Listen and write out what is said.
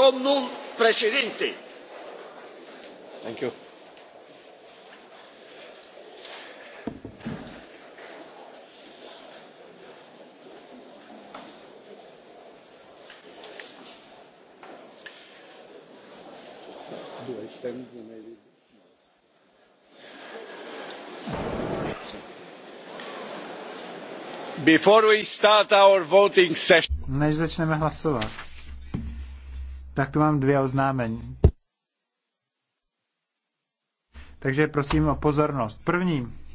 domnul președinte. Thank you. Before we start our voting session. Než začneme hlasovat tak tu mám dvě oznámení. Takže prosím o pozornost. První,